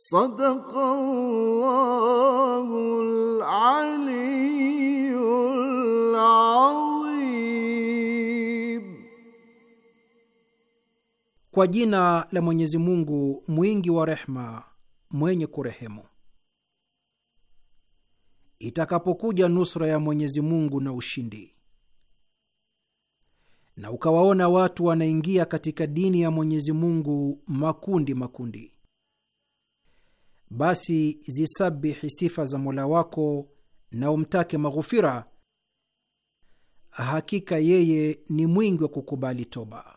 Kwa jina la Mwenyezi Mungu mwingi wa rehma mwenye kurehemu. Itakapokuja nusra ya Mwenyezi Mungu na ushindi, na ukawaona watu wanaingia katika dini ya Mwenyezi Mungu makundi makundi basi zisabihi sifa za Mola wako na umtake maghufira. Hakika yeye ni mwingi wa kukubali toba.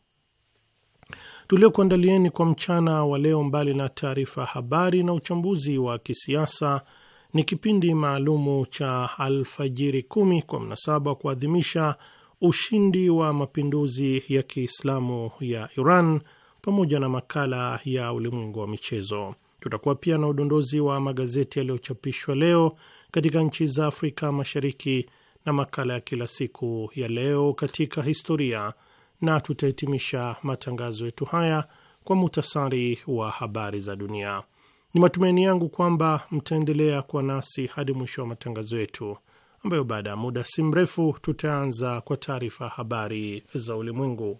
tuliokuandalieni kwa mchana wa leo, mbali na taarifa habari na uchambuzi wa kisiasa, ni kipindi maalumu cha Alfajiri Kumi kwa mnasaba kuadhimisha ushindi wa mapinduzi ya Kiislamu ya Iran, pamoja na makala ya ulimwengu wa michezo. Tutakuwa pia na udondozi wa magazeti yaliyochapishwa leo katika nchi za Afrika Mashariki na makala ya kila siku ya leo katika historia na tutahitimisha matangazo yetu haya kwa muhtasari wa habari za dunia. Ni matumaini yangu kwamba mtaendelea kuwa nasi hadi mwisho wa matangazo yetu, ambayo baada ya muda si mrefu tutaanza kwa taarifa habari za ulimwengu.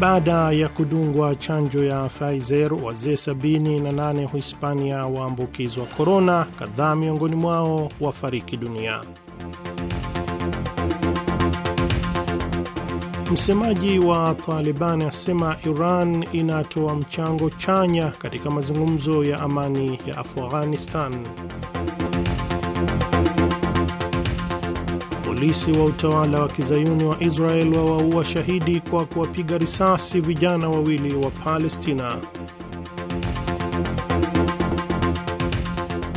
Baada ya kudungwa chanjo ya Pfizer, wazee 78 Hispania waambukizwa korona, kadhaa miongoni mwao wafariki dunia. Msemaji wa Taliban asema Iran inatoa mchango chanya katika mazungumzo ya amani ya Afghanistan. Polisi wa utawala wa kizayuni wa Israel wawaua shahidi kwa kuwapiga risasi vijana wawili wa Palestina.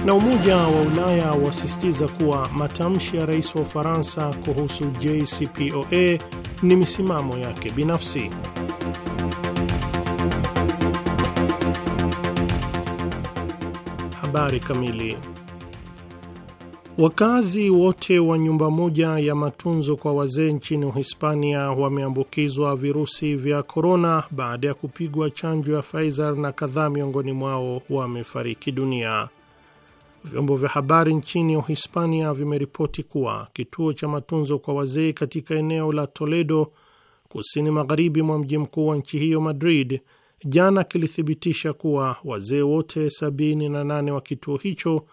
Na Umoja wa Ulaya wasisitiza kuwa matamshi ya rais wa Ufaransa kuhusu JCPOA ni misimamo yake binafsi. Habari kamili Wakazi wote wa nyumba moja ya matunzo kwa wazee nchini Uhispania wameambukizwa virusi vya korona baada ya kupigwa chanjo ya Pfizer na kadhaa miongoni mwao wamefariki dunia. Vyombo vya habari nchini Uhispania vimeripoti kuwa kituo cha matunzo kwa wazee katika eneo la Toledo, kusini magharibi mwa mji mkuu wa nchi hiyo Madrid, jana kilithibitisha kuwa wazee wote 78 wa kituo hicho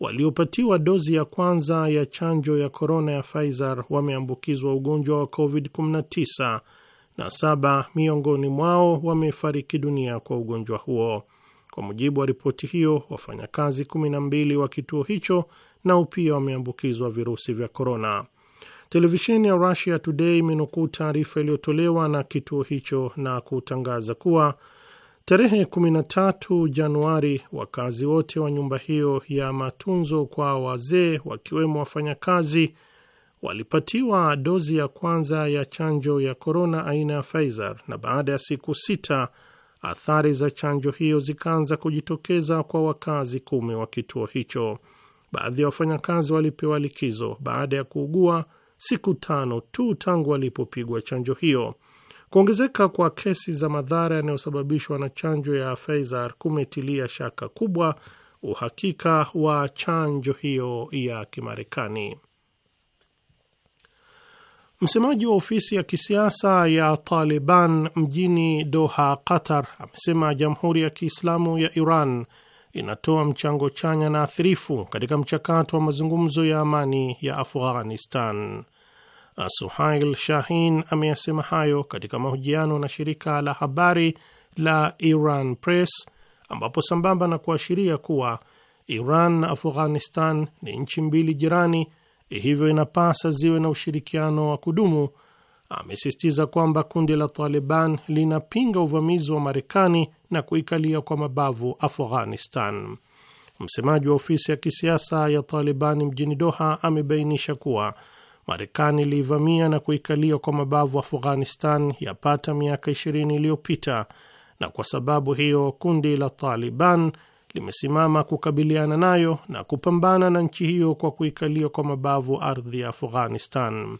waliopatiwa dozi ya kwanza ya chanjo ya korona ya Pfizer wameambukizwa ugonjwa wa COVID-19 na saba miongoni mwao wamefariki dunia kwa ugonjwa huo. Kwa mujibu wa ripoti hiyo, wafanyakazi 12 wa kituo hicho nao pia wameambukizwa virusi vya korona. Televisheni ya Russia Today imenukuu taarifa iliyotolewa na kituo hicho na kutangaza kuwa Tarehe 13 Januari, wakazi wote wa nyumba hiyo ya matunzo kwa wazee, wakiwemo wafanyakazi, walipatiwa dozi ya kwanza ya chanjo ya korona aina ya Pfizer, na baada ya siku sita athari za chanjo hiyo zikaanza kujitokeza kwa wakazi kumi wa kituo hicho. Baadhi ya wafanyakazi walipewa likizo baada ya kuugua siku tano tu tangu walipopigwa chanjo hiyo. Kuongezeka kwa kesi za madhara yanayosababishwa na chanjo ya Pfizer kumetilia shaka kubwa uhakika wa chanjo hiyo ya Kimarekani. Msemaji wa ofisi ya kisiasa ya Taliban mjini Doha, Qatar, amesema Jamhuri ya Kiislamu ya Iran inatoa mchango chanya na athirifu katika mchakato wa mazungumzo ya amani ya Afghanistan. Suhail Shahin ameyasema hayo katika mahojiano na shirika la habari la Iran Press, ambapo sambamba na kuashiria kuwa Iran na Afghanistan ni nchi mbili jirani, hivyo inapasa ziwe na ushirikiano wa kudumu, amesisitiza kwamba kundi la Taliban linapinga uvamizi wa Marekani na kuikalia kwa mabavu Afghanistan. Msemaji wa ofisi ya kisiasa ya Taliban mjini Doha amebainisha kuwa Marekani iliivamia na kuikalia kwa mabavu Afghanistan yapata miaka 20 iliyopita, na kwa sababu hiyo kundi la Taliban limesimama kukabiliana nayo na kupambana na nchi hiyo kwa kuikalia kwa mabavu ardhi ya Afghanistan.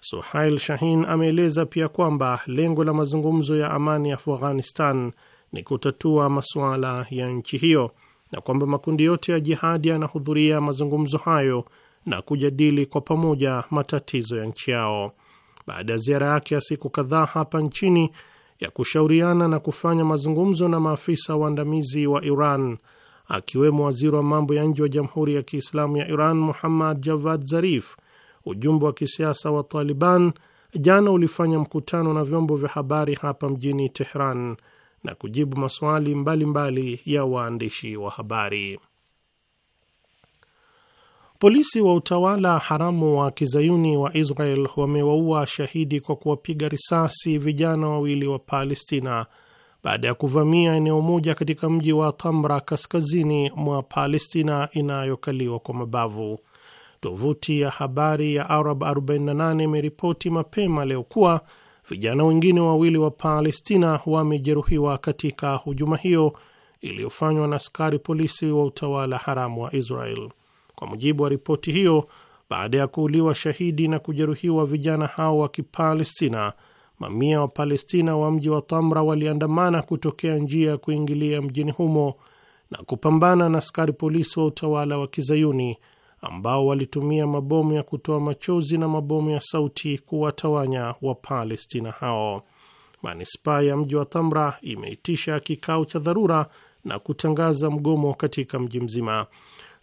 Suhail Shahin ameeleza pia kwamba lengo la mazungumzo ya amani ya Afghanistan ni kutatua masuala ya nchi hiyo na kwamba makundi yote ya jihadi yanahudhuria mazungumzo hayo na kujadili kwa pamoja matatizo ya nchi yao. Baada ya ziara yake ya siku kadhaa hapa nchini ya kushauriana na kufanya mazungumzo na maafisa waandamizi wa Iran, akiwemo waziri wa mambo ya nje wa Jamhuri ya Kiislamu ya Iran Muhammad Javad Zarif, ujumbe wa kisiasa wa Taliban jana ulifanya mkutano na vyombo vya habari hapa mjini Tehran na kujibu maswali mbalimbali mbali ya waandishi wa habari. Polisi wa utawala haramu wa kizayuni wa Israel wamewaua shahidi kwa kuwapiga risasi vijana wawili wa Palestina baada ya kuvamia eneo moja katika mji wa Tamra kaskazini mwa Palestina inayokaliwa kwa mabavu. Tovuti ya habari ya Arab 48 imeripoti mapema leo kuwa vijana wengine wawili wa Palestina wamejeruhiwa katika hujuma hiyo iliyofanywa na askari polisi wa utawala haramu wa Israel. Kwa mujibu wa ripoti hiyo, baada ya kuuliwa shahidi na kujeruhiwa vijana hao wa Kipalestina, mamia wa Palestina wa mji wa Tamra waliandamana kutokea njia ya kuingilia mjini humo na kupambana na askari polisi wa utawala wa Kizayuni ambao walitumia mabomu ya kutoa machozi na mabomu ya sauti kuwatawanya Wapalestina hao. Manispaa ya mji wa Tamra imeitisha kikao cha dharura na kutangaza mgomo katika mji mzima.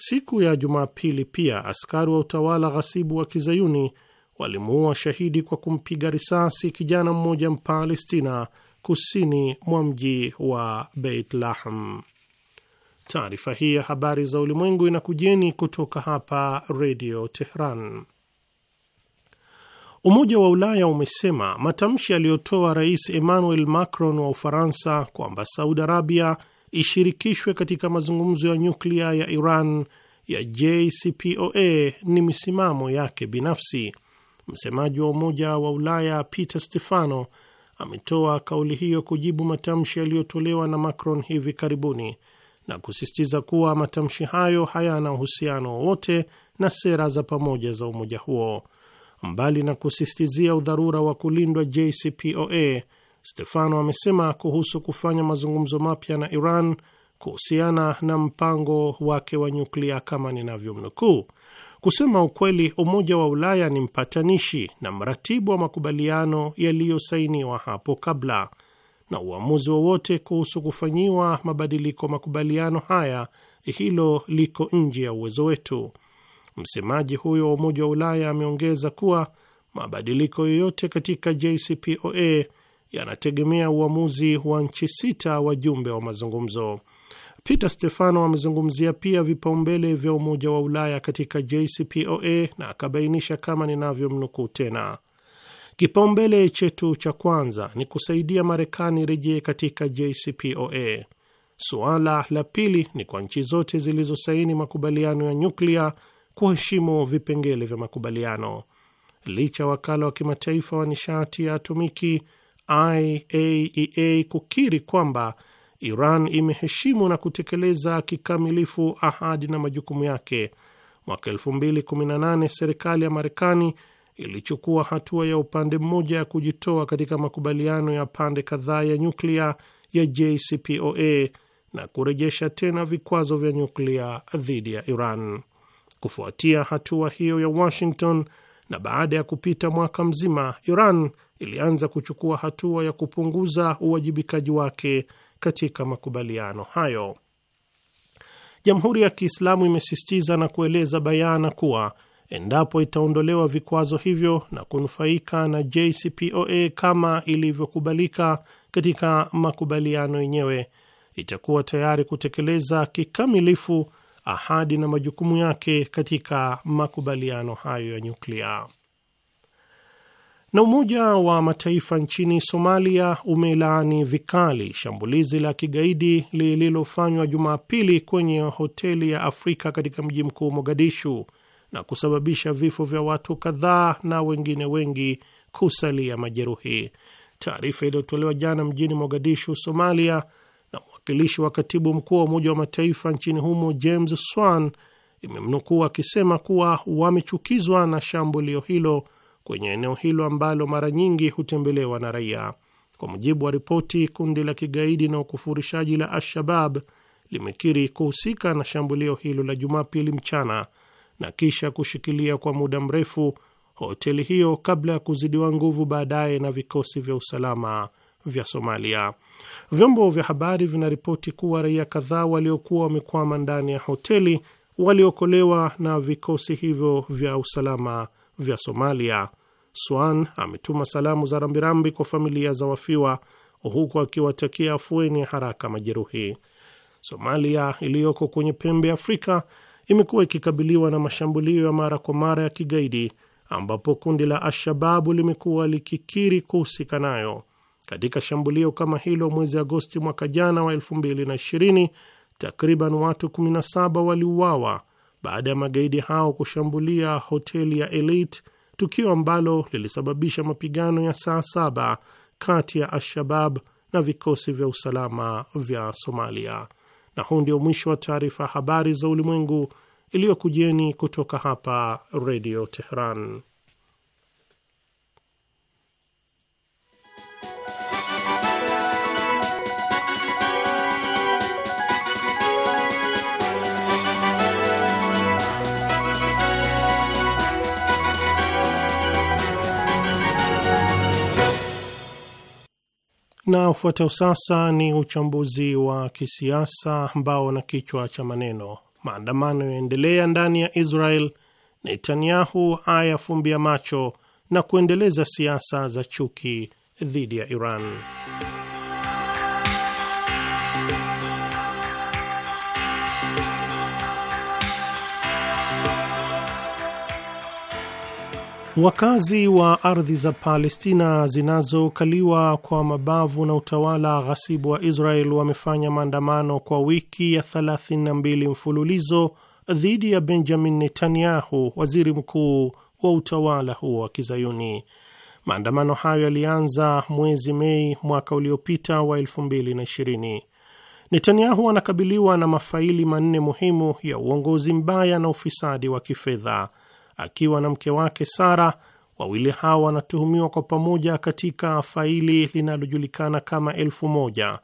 Siku ya Jumapili pia askari wa utawala ghasibu wa kizayuni walimuua shahidi kwa kumpiga risasi kijana mmoja Mpalestina kusini mwa mji wa Beit Lahm. Taarifa hii ya habari za ulimwengu inakujeni kutoka hapa Redio Tehran. Umoja wa Ulaya umesema matamshi aliyotoa Rais Emmanuel Macron wa Ufaransa kwamba Saudi Arabia ishirikishwe katika mazungumzo ya nyuklia ya Iran ya JCPOA ni misimamo yake binafsi. Msemaji wa Umoja wa Ulaya Peter Stefano ametoa kauli hiyo kujibu matamshi yaliyotolewa na Macron hivi karibuni na kusisitiza kuwa matamshi hayo hayana uhusiano wowote na sera za pamoja za umoja huo. Mbali na kusisitizia udharura wa kulindwa JCPOA, Stefano amesema kuhusu kufanya mazungumzo mapya na Iran kuhusiana na mpango wake wa nyuklia kama ninavyomnukuu: Kusema ukweli, Umoja wa Ulaya ni mpatanishi na mratibu wa makubaliano yaliyosainiwa hapo kabla, na uamuzi wowote kuhusu kufanyiwa mabadiliko makubaliano haya, hilo liko nje ya uwezo wetu. Msemaji huyo wa Umoja wa Ulaya ameongeza kuwa mabadiliko yoyote katika JCPOA yanategemea uamuzi wa nchi sita wajumbe wa mazungumzo. Peter Stefano amezungumzia pia vipaumbele vya Umoja wa Ulaya katika JCPOA na akabainisha kama ninavyomnukuu tena, kipaumbele chetu cha kwanza ni kusaidia Marekani rejee katika JCPOA. Suala la pili ni kwa nchi zote zilizosaini makubaliano ya nyuklia kuheshimu vipengele vya makubaliano. Licha wakala wa kimataifa wa nishati ya atomiki IAEA e kukiri kwamba Iran imeheshimu na kutekeleza kikamilifu ahadi na majukumu yake. Mwaka 2018 serikali ya Marekani ilichukua hatua ya upande mmoja ya kujitoa katika makubaliano ya pande kadhaa ya nyuklia ya JCPOA na kurejesha tena vikwazo vya nyuklia dhidi ya Iran. Kufuatia hatua hiyo ya Washington na baada ya kupita mwaka mzima, Iran ilianza kuchukua hatua ya kupunguza uwajibikaji wake katika makubaliano hayo. Jamhuri ya Kiislamu imesisitiza na kueleza bayana kuwa endapo itaondolewa vikwazo hivyo na kunufaika na JCPOA kama ilivyokubalika katika makubaliano yenyewe, itakuwa tayari kutekeleza kikamilifu ahadi na majukumu yake katika makubaliano hayo ya nyuklia. Na Umoja wa Mataifa nchini Somalia umelaani vikali shambulizi la kigaidi lililofanywa Jumapili kwenye hoteli ya Afrika katika mji mkuu Mogadishu na kusababisha vifo vya watu kadhaa na wengine wengi kusalia majeruhi. Taarifa iliyotolewa jana mjini Mogadishu, Somalia, na mwakilishi wa katibu mkuu wa Umoja wa Mataifa nchini humo James Swan imemnukuu akisema kuwa wamechukizwa na shambulio hilo kwenye eneo hilo ambalo mara nyingi hutembelewa na raia. Kwa mujibu wa ripoti, kundi la kigaidi na ukufurishaji la Al-Shabab limekiri kuhusika na shambulio hilo la Jumapili mchana na kisha kushikilia kwa muda mrefu hoteli hiyo kabla ya kuzidiwa nguvu baadaye na vikosi vya usalama vya Somalia. Vyombo vya habari vinaripoti kuwa raia kadhaa waliokuwa wamekwama ndani ya hoteli waliokolewa na vikosi hivyo vya usalama vya Somalia. Swan ametuma salamu za rambirambi kwa familia za wafiwa huku akiwatakia afueni haraka majeruhi. Somalia iliyoko kwenye pembe ya Afrika imekuwa ikikabiliwa na mashambulio ya mara kwa mara ya kigaidi ambapo kundi la al-shababu limekuwa likikiri kuhusika nayo. Katika shambulio kama hilo mwezi Agosti mwaka jana wa 2020, takriban watu 17 waliuawa baada ya magaidi hao kushambulia hoteli ya Elite, tukio ambalo lilisababisha mapigano ya saa saba kati ya Al-Shabab na vikosi vya usalama vya Somalia. Na huu ndio mwisho wa taarifa habari za ulimwengu iliyokujeni kutoka hapa Redio Teheran. Na ufuatao sasa ni uchambuzi wa kisiasa ambao na kichwa cha maneno maandamano yaendelea ndani ya Israel, Netanyahu ayafumbia macho na kuendeleza siasa za chuki dhidi ya Iran. Wakazi wa ardhi za Palestina zinazokaliwa kwa mabavu na utawala ghasibu wa Israel wamefanya maandamano kwa wiki ya 32 mfululizo dhidi ya Benjamin Netanyahu, waziri mkuu wa utawala huo wa Kizayuni. Maandamano hayo yalianza mwezi Mei mwaka uliopita wa 2020. Netanyahu anakabiliwa na mafaili manne muhimu ya uongozi mbaya na ufisadi wa kifedha akiwa na mke wake Sara. Wawili hao wanatuhumiwa kwa pamoja katika faili linalojulikana kama elfu moja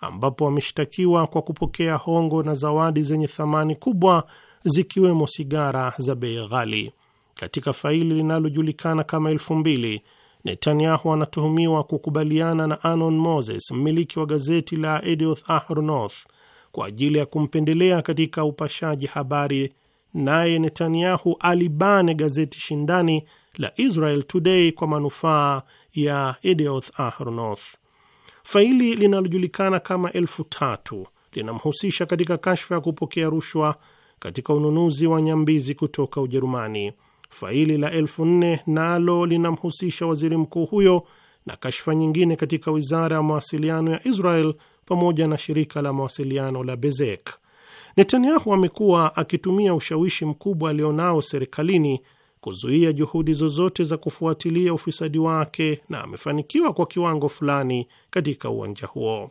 ambapo wameshtakiwa kwa kupokea hongo na zawadi zenye thamani kubwa zikiwemo sigara za bei ghali. Katika faili linalojulikana kama elfu mbili Netanyahu anatuhumiwa kukubaliana na Anon Moses, mmiliki wa gazeti la Edioth Ahronoth, kwa ajili ya kumpendelea katika upashaji habari naye Netanyahu alibane gazeti shindani la Israel Today kwa manufaa ya Edeoth Ahronoth. Faili linalojulikana kama elfu tatu linamhusisha katika kashfa ya kupokea rushwa katika ununuzi wa nyambizi kutoka Ujerumani. Faili la elfu nne nalo linamhusisha waziri mkuu huyo na kashfa nyingine katika wizara ya mawasiliano ya Israel pamoja na shirika la mawasiliano la Bezek. Netanyahu amekuwa akitumia ushawishi mkubwa alionao serikalini kuzuia juhudi zozote za kufuatilia ufisadi wake na amefanikiwa kwa kiwango fulani katika uwanja huo.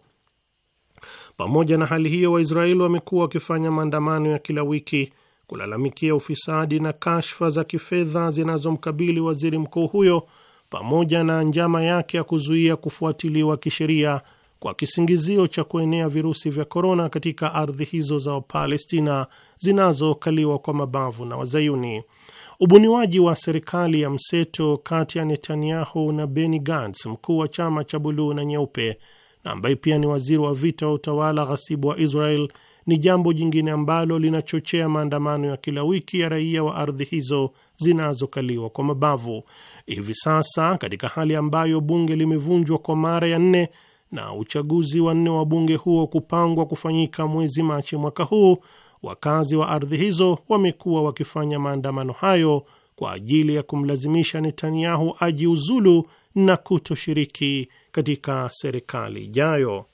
Pamoja na hali hiyo, Waisraeli wamekuwa wakifanya maandamano ya kila wiki kulalamikia ufisadi na kashfa za kifedha zinazomkabili waziri mkuu huyo pamoja na njama yake ya kuzuia kufuatiliwa kisheria kwa kisingizio cha kuenea virusi vya korona katika ardhi hizo za Wapalestina zinazokaliwa kwa mabavu na Wazayuni. Ubuniwaji wa serikali ya mseto kati ya Netanyahu na Benny Gantz, mkuu wa chama cha buluu na nyeupe, na ambaye pia ni waziri wa vita wa utawala ghasibu wa Israel, ni jambo jingine ambalo linachochea maandamano ya kila wiki ya raia wa ardhi hizo zinazokaliwa kwa mabavu. Hivi sasa, katika hali ambayo bunge limevunjwa kwa mara ya nne na uchaguzi wa nne wa bunge huo kupangwa kufanyika mwezi Machi mwaka huu, wakazi wa ardhi hizo wamekuwa wakifanya maandamano hayo kwa ajili ya kumlazimisha Netanyahu ajiuzulu na kutoshiriki katika serikali ijayo.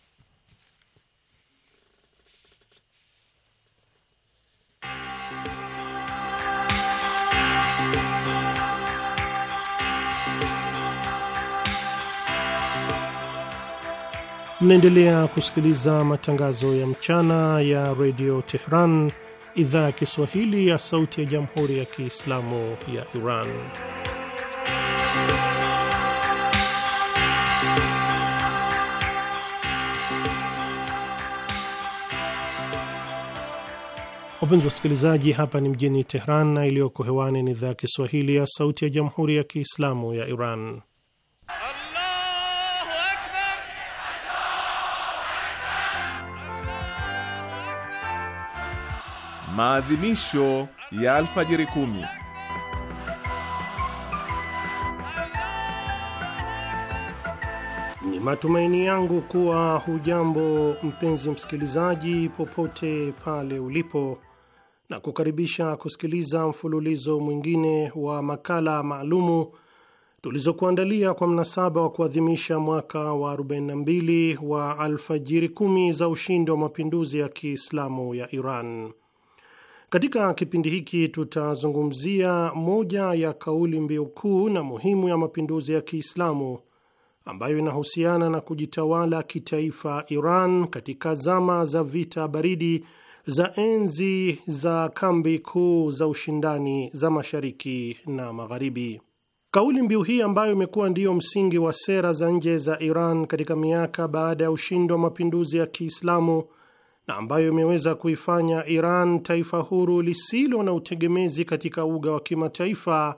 Mnaendelea kusikiliza matangazo ya mchana ya redio Tehran, idhaa ya Kiswahili ya sauti ya jamhuri ya Kiislamu ya Iran. Wapenzi wasikilizaji, hapa ni mjini Tehran na iliyoko hewani ni idhaa ya Kiswahili ya sauti ya jamhuri ya Kiislamu ya Iran. maadhimisho ya alfajiri kumi. Ni matumaini yangu kuwa hujambo mpenzi msikilizaji, popote pale ulipo, na kukaribisha kusikiliza mfululizo mwingine wa makala maalumu tulizokuandalia kwa mnasaba wa kuadhimisha mwaka wa 42 wa alfajiri kumi za ushindi wa mapinduzi ya Kiislamu ya Iran. Katika kipindi hiki tutazungumzia moja ya kauli mbiu kuu na muhimu ya mapinduzi ya Kiislamu ambayo inahusiana na kujitawala kitaifa Iran katika zama za vita baridi za enzi za kambi kuu za ushindani za mashariki na magharibi. Kauli mbiu hii ambayo imekuwa ndiyo msingi wa sera za nje za Iran katika miaka baada ya ushindi wa mapinduzi ya Kiislamu na ambayo imeweza kuifanya Iran taifa huru lisilo na utegemezi katika uga wa kimataifa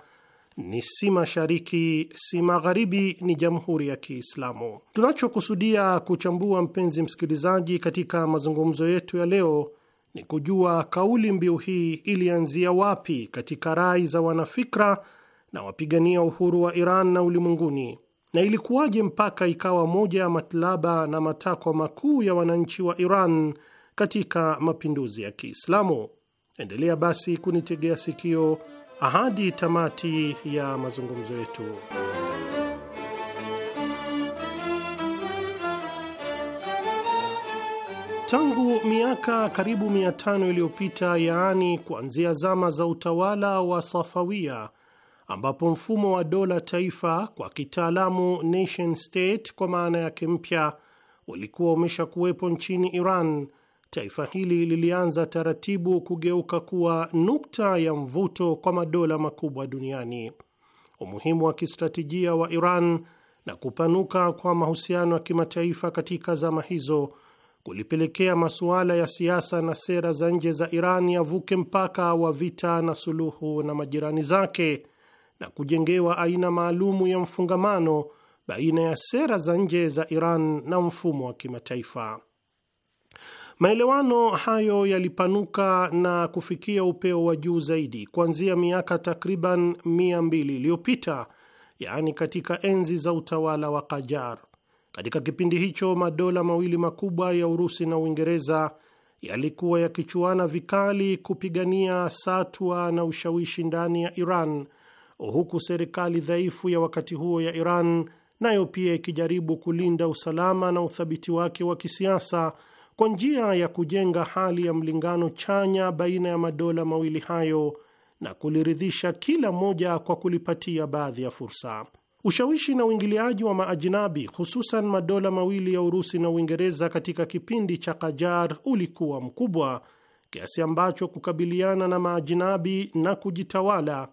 ni si mashariki si magharibi, ni Jamhuri ya Kiislamu. Tunachokusudia kuchambua, mpenzi msikilizaji, katika mazungumzo yetu ya leo ni kujua kauli mbiu hii ilianzia wapi katika rai za wanafikra na wapigania uhuru wa Iran na ulimwenguni, na ilikuwaje mpaka ikawa moja ya matlaba na matakwa makuu ya wananchi wa Iran katika mapinduzi ya Kiislamu. Endelea basi kunitegea sikio ahadi tamati ya mazungumzo yetu. Tangu miaka karibu mia tano iliyopita, yaani kuanzia zama za utawala wa Safawia, ambapo mfumo wa dola taifa kwa kitaalamu nation state kwa maana yake mpya ulikuwa umesha kuwepo nchini Iran, taifa hili lilianza taratibu kugeuka kuwa nukta ya mvuto kwa madola makubwa duniani. Umuhimu wa kistratejia wa Iran na kupanuka kwa mahusiano ya kimataifa katika zama hizo kulipelekea masuala ya siasa na sera za nje za Iran yavuke mpaka wa vita na suluhu na majirani zake na kujengewa aina maalumu ya mfungamano baina ya sera za nje za Iran na mfumo wa kimataifa. Maelewano hayo yalipanuka na kufikia upeo wa juu zaidi kuanzia miaka takriban mia mbili iliyopita, yaani katika enzi za utawala wa kajar Katika kipindi hicho madola mawili makubwa ya Urusi na Uingereza yalikuwa yakichuana vikali kupigania satwa na ushawishi ndani ya Iran, huku serikali dhaifu ya wakati huo ya Iran nayo pia ikijaribu kulinda usalama na uthabiti wake wa kisiasa kwa njia ya kujenga hali ya mlingano chanya baina ya madola mawili hayo na kuliridhisha kila moja kwa kulipatia baadhi ya fursa. Ushawishi na uingiliaji wa maajinabi, hususan madola mawili ya Urusi na Uingereza katika kipindi cha Kajar ulikuwa mkubwa kiasi ambacho kukabiliana na maajinabi na kujitawala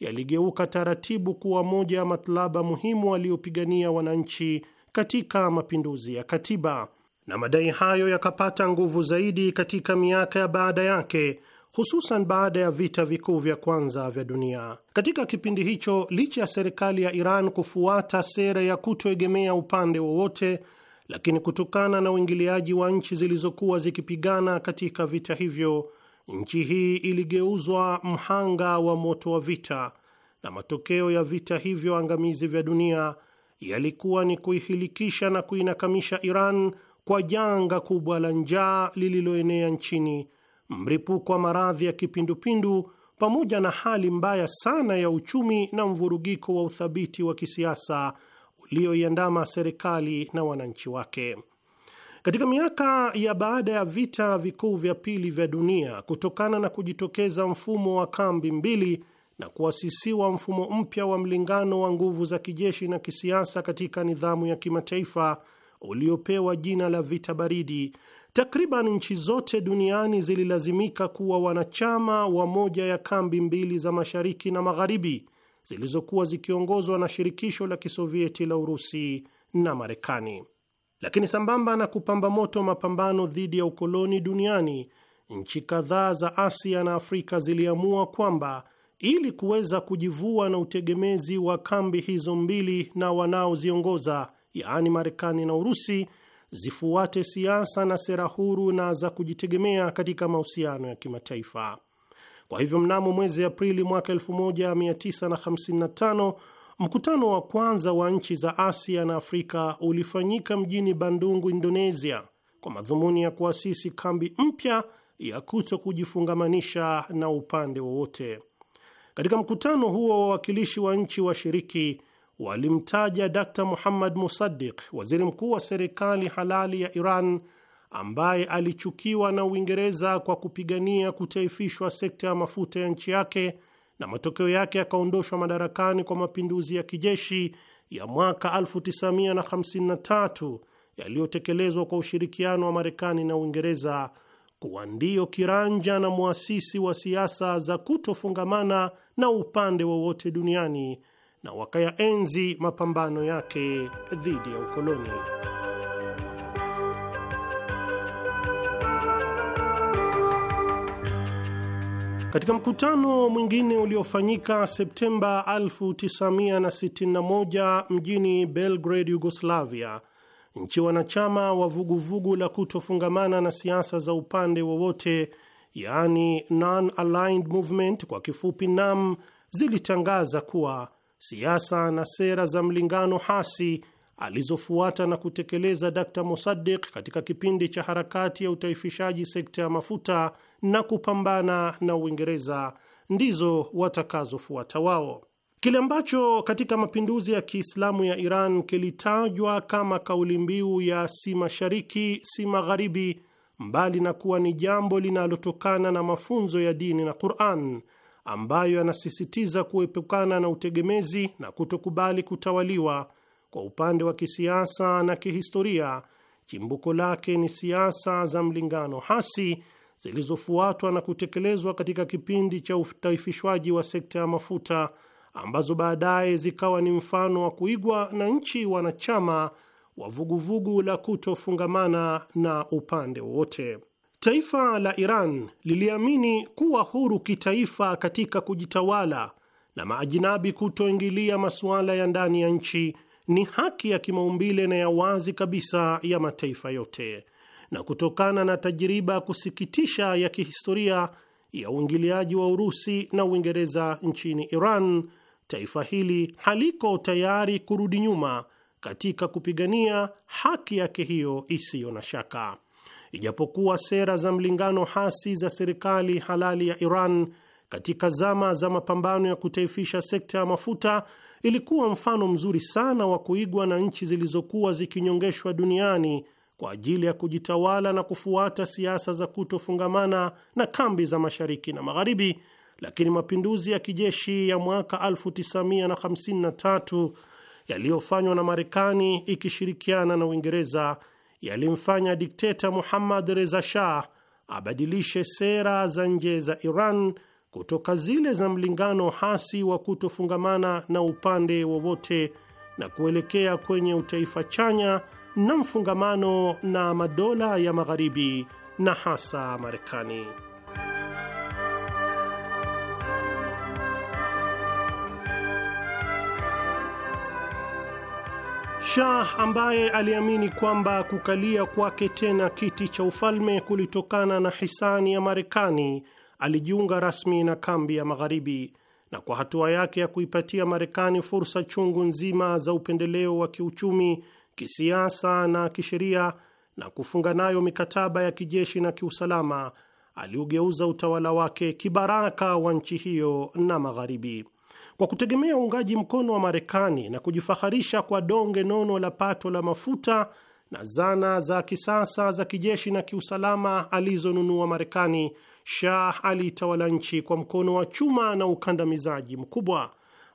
yaligeuka taratibu kuwa moja ya matlaba muhimu waliopigania wananchi katika mapinduzi ya katiba na madai hayo yakapata nguvu zaidi katika miaka ya baada yake, hususan baada ya vita vikuu vya kwanza vya dunia. Katika kipindi hicho, licha ya serikali ya Iran kufuata sera ya kutoegemea upande wowote, lakini kutokana na uingiliaji wa nchi zilizokuwa zikipigana katika vita hivyo, nchi hii iligeuzwa mhanga wa moto wa vita, na matokeo ya vita hivyo angamizi vya dunia yalikuwa ni kuihilikisha na kuinakamisha Iran kwa janga kubwa la njaa lililoenea nchini, mripuko wa maradhi ya kipindupindu, pamoja na hali mbaya sana ya uchumi na mvurugiko wa uthabiti wa kisiasa ulioiandama serikali na wananchi wake. Katika miaka ya baada ya vita vikuu vya pili vya dunia, kutokana na kujitokeza mfumo wa kambi mbili na kuasisiwa mfumo mpya wa mlingano wa nguvu za kijeshi na kisiasa katika nidhamu ya kimataifa, uliopewa jina la vita baridi, takriban nchi zote duniani zililazimika kuwa wanachama wa moja ya kambi mbili za mashariki na magharibi zilizokuwa zikiongozwa na shirikisho la kisovieti la Urusi na Marekani. Lakini sambamba na kupamba moto mapambano dhidi ya ukoloni duniani, nchi kadhaa za Asia na Afrika ziliamua kwamba ili kuweza kujivua na utegemezi wa kambi hizo mbili na wanaoziongoza yaani Marekani na Urusi zifuate siasa na sera huru na za kujitegemea katika mahusiano ya kimataifa. Kwa hivyo, mnamo mwezi Aprili mwaka 1955 mkutano wa kwanza wa nchi za Asia na Afrika ulifanyika mjini Bandungu, Indonesia, kwa madhumuni ya kuasisi kambi mpya ya kuto kujifungamanisha na upande wowote. Katika mkutano huo, wawakilishi wa nchi washiriki walimtaja Dr Muhammad Musaddiq, waziri mkuu wa serikali halali ya Iran ambaye alichukiwa na Uingereza kwa kupigania kutaifishwa sekta ya mafuta ya nchi yake na matokeo yake yakaondoshwa madarakani kwa mapinduzi ya kijeshi ya mwaka 1953 yaliyotekelezwa kwa ushirikiano wa Marekani na Uingereza kuwa ndiyo kiranja na mwasisi wa siasa za kutofungamana na upande wowote duniani na wakayaenzi mapambano yake dhidi ya ukoloni. Katika mkutano mwingine uliofanyika Septemba 1961 mjini Belgrade, Yugoslavia, nchi wanachama wa vuguvugu la kutofungamana na siasa za upande wowote, yaani Non-Aligned Movement, kwa kifupi NAM, zilitangaza kuwa siasa na sera za mlingano hasi alizofuata na kutekeleza Dkt. Mosadiq katika kipindi cha harakati ya utaifishaji sekta ya mafuta na kupambana na Uingereza ndizo watakazofuata wao. Kile ambacho katika mapinduzi ya Kiislamu ya Iran kilitajwa kama kauli mbiu ya si mashariki si magharibi, mbali na kuwa ni jambo linalotokana na mafunzo ya dini na Quran ambayo yanasisitiza kuepukana na utegemezi na kutokubali kutawaliwa. Kwa upande wa kisiasa na kihistoria, chimbuko lake ni siasa za mlingano hasi zilizofuatwa na kutekelezwa katika kipindi cha utaifishwaji wa sekta ya mafuta ambazo baadaye zikawa ni mfano wa kuigwa na nchi wanachama wa vuguvugu la kutofungamana na upande wowote. Taifa la Iran liliamini kuwa huru kitaifa katika kujitawala na maajinabi kutoingilia masuala ya ndani ya nchi ni haki ya kimaumbile na ya wazi kabisa ya mataifa yote, na kutokana na tajiriba ya kusikitisha ya kihistoria ya uingiliaji wa Urusi na Uingereza nchini Iran, taifa hili haliko tayari kurudi nyuma katika kupigania haki yake hiyo isiyo na shaka. Ijapokuwa sera za mlingano hasi za serikali halali ya Iran katika zama za mapambano ya kutaifisha sekta ya mafuta ilikuwa mfano mzuri sana wa kuigwa na nchi zilizokuwa zikinyongeshwa duniani kwa ajili ya kujitawala na kufuata siasa za kutofungamana na kambi za mashariki na magharibi, lakini mapinduzi ya kijeshi ya mwaka 1953 yaliyofanywa na Marekani ikishirikiana na Uingereza yalimfanya dikteta Muhammad Reza Shah abadilishe sera za nje za Iran kutoka zile za mlingano hasi wa kutofungamana na upande wowote na kuelekea kwenye utaifa chanya na mfungamano na madola ya Magharibi na hasa Marekani. Shah ambaye aliamini kwamba kukalia kwake tena kiti cha ufalme kulitokana na hisani ya Marekani, alijiunga rasmi na kambi ya Magharibi, na kwa hatua yake ya kuipatia Marekani fursa chungu nzima za upendeleo wa kiuchumi, kisiasa na kisheria, na kufunga nayo mikataba ya kijeshi na kiusalama, aliugeuza utawala wake kibaraka wa nchi hiyo na Magharibi. Kwa kutegemea uungaji mkono wa Marekani na kujifaharisha kwa donge nono la pato la mafuta na zana za kisasa za kijeshi na kiusalama alizonunua Marekani, Shah aliitawala nchi kwa mkono wa chuma na ukandamizaji mkubwa.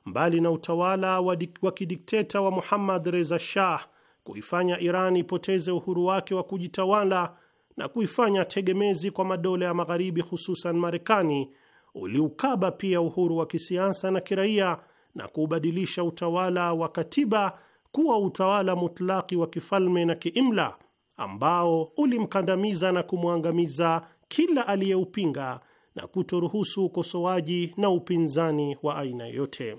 Mbali na utawala wa kidikteta wa Muhammad Reza Shah kuifanya Iran ipoteze uhuru wake wa kujitawala na kuifanya tegemezi kwa madola ya Magharibi, hususan Marekani, uliukaba pia uhuru wa kisiasa na kiraia na kuubadilisha utawala wa katiba kuwa utawala mutlaki wa kifalme na kiimla ambao ulimkandamiza na kumwangamiza kila aliyeupinga na kutoruhusu ukosoaji na upinzani wa aina yoyote.